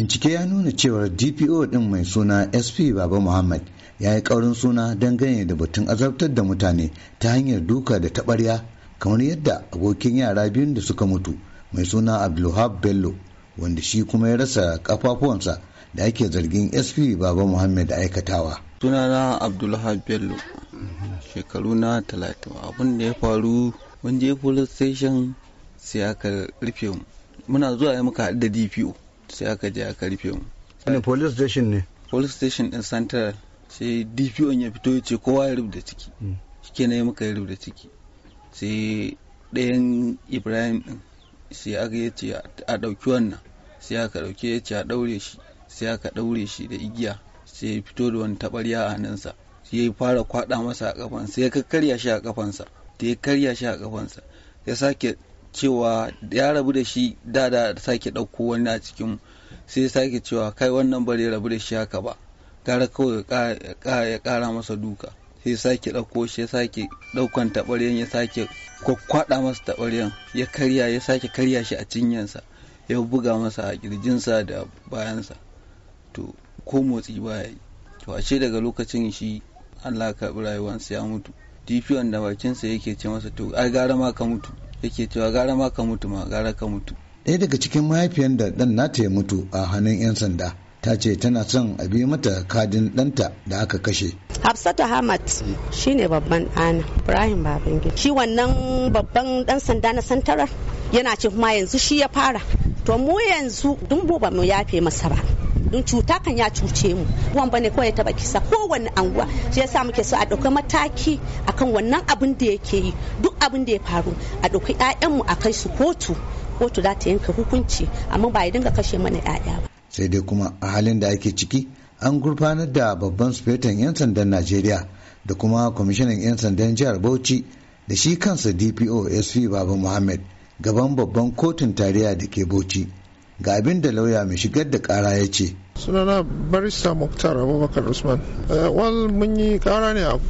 bincike ya nuna cewar dpo din mai suna sp baba muhammad ya yi ƙaurin suna dangane da batun azabtar da mutane ta hanyar duka da taɓarya kamar yadda abokin yara biyun da suka mutu mai suna abdulhab bello wanda shi kuma ya rasa kafafuwansa da ake zargin sp baba muhammad aikatawa. aikatawa sunana abdulhab bello shekaru na talatin abin ya faru mun je police station sai aka rufe muna zuwa ya muka da dpo sai aka je aka rufe mu wani police station ne police station din central sai dpo ya fito ya ce kowa ya rubuta ciki hmm. shi ne muka ya rubuta ciki sai ɗayan ibrahim din sai aka ya ce a ɗauki wannan sai aka ɗauke ya ce a ɗaure shi sai aka ɗaure shi da igiya sai ya fito da wani taɓarya a hannunsa sai ya fara kwaɗa masa a kafansa sai ya karya shi a kafansa da ya karya shi a kafansa ya sake cewa ya rabu da shi da da sake ɗauko wani a cikin sai sake cewa kai wannan bare rabu da shi haka ba gara kawai ya ƙara masa duka sai sake ɗauko shi ya sake ɗaukan taɓaryan ya sake kwakwada masa taɓaryan ya karya ya sake karya shi a cinyansa ya buga masa a kirjinsa da bayansa to ko motsi baya to ashe daga lokacin shi Allah ka ya mutu dp da bakinsa yake ce masa to ai gara ma ka mutu yake cewa gara ma ka mutu ma gara ka mutu ɗaya daga cikin mahaifiyar da ɗan nata ya mutu a hannun 'yan sanda ta ce tana son a bi mata kadin ɗanta da aka kashe. Hafsatu Hamad shi ne babban ɗana Ibrahim Babangida. Shi wannan babban ɗan sanda na santarar yana ce kuma yanzu shi ya fara. To mu yanzu dumbo ba mu yafe masa ba. don cuta kan ya cuce mu ruwan bane kawai taba kisa ko wani anguwa shi yasa muke so a ɗauka mataki akan wannan abin da yake yi duk abin da ya faru a ɗauki mu a kai su kotu kotu za ta yanke hukunci amma ba ya dinga kashe mana 'ya'ya ba sai dai kuma a halin da ake ciki an gurfanar da babban sufetan 'yan sandan najeriya da kuma kwamishinan 'yan sandan jihar bauchi da shi kansa dpo sv baba muhammad gaban babban kotun tarayya da ke bauchi ga abin da lauya mai shigar da kara ya ce sunana barista muktar abubakar usman eh, wal mun yi kara ne a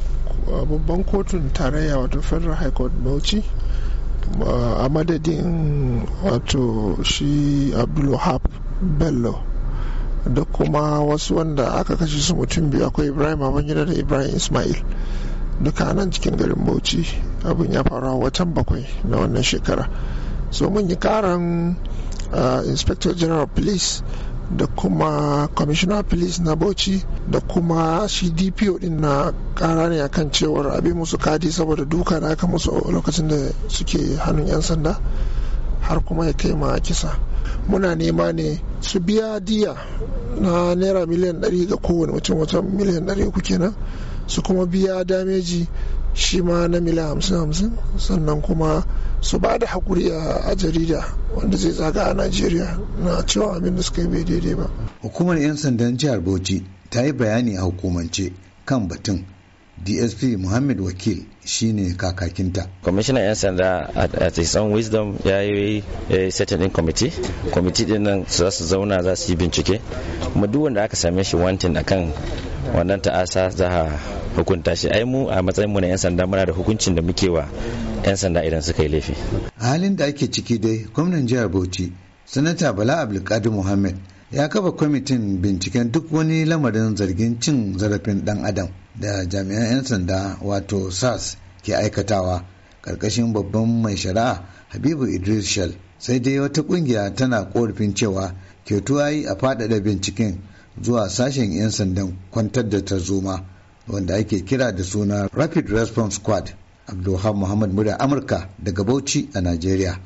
babban kotun tarayya wato federal high court bauchi eh, a madadin wato shi abdulwahab bello da kuma wasu wanda aka kashe su mutum biyu akwai ibrahim abangida da ibrahim ismail duka nan cikin garin bauchi abin ya faru watan bakwai na wannan shekara so mun yi karan Uh, inspector general police da kuma commissioner police na bauchi da kuma shi dpo din na kara ne akan cewar abin musu kadi saboda duka da aka musu lokacin da suke hannun 'yan sanda har kuma ya kai ma kisa muna nema ne su biya diya na naira miliyan 100 ga kowane mutum wata miliyan 300 kenan su kuma biya dameji shi ma na miliyan hamsin hamsin sannan kuma su ba da haƙuri a jarida wanda zai zaga a najeriya na cewa abin da suka yi bai daidai ba hukumar 'yan sandan jihar bauchi ta yi bayani a hukumance kan batun dsp muhammad wakil shine kakakinta kwamishinan 'yan sanda at his own wisdom ya yi setting in committee committee din nan za su zauna za su yi bincike kuma duk wanda aka same shi wantin akan wannan ta'asa za a hukunta shi ai mu a matsayin mu na 'yan sanda muna da hukuncin da muke wa 'yan sanda idan suka yi laifi halin da ake ciki dai gwamnan jihar bauchi sanata bala abdulkadir muhammad ya kafa kwamitin binciken duk wani lamarin zargin cin zarafin dan adam da jami'an 'yan sanda wato sas ke aikatawa ƙarƙashin babban mai shari'a habibu idris shal sai dai wata ƙungiya tana korafin cewa ke a faɗaɗa binciken zuwa sashen 'yan sandan kwantar da tarzoma wanda ake kira da suna rapid response squad abdulhamid muhammad murya amurka daga bauchi a nigeria.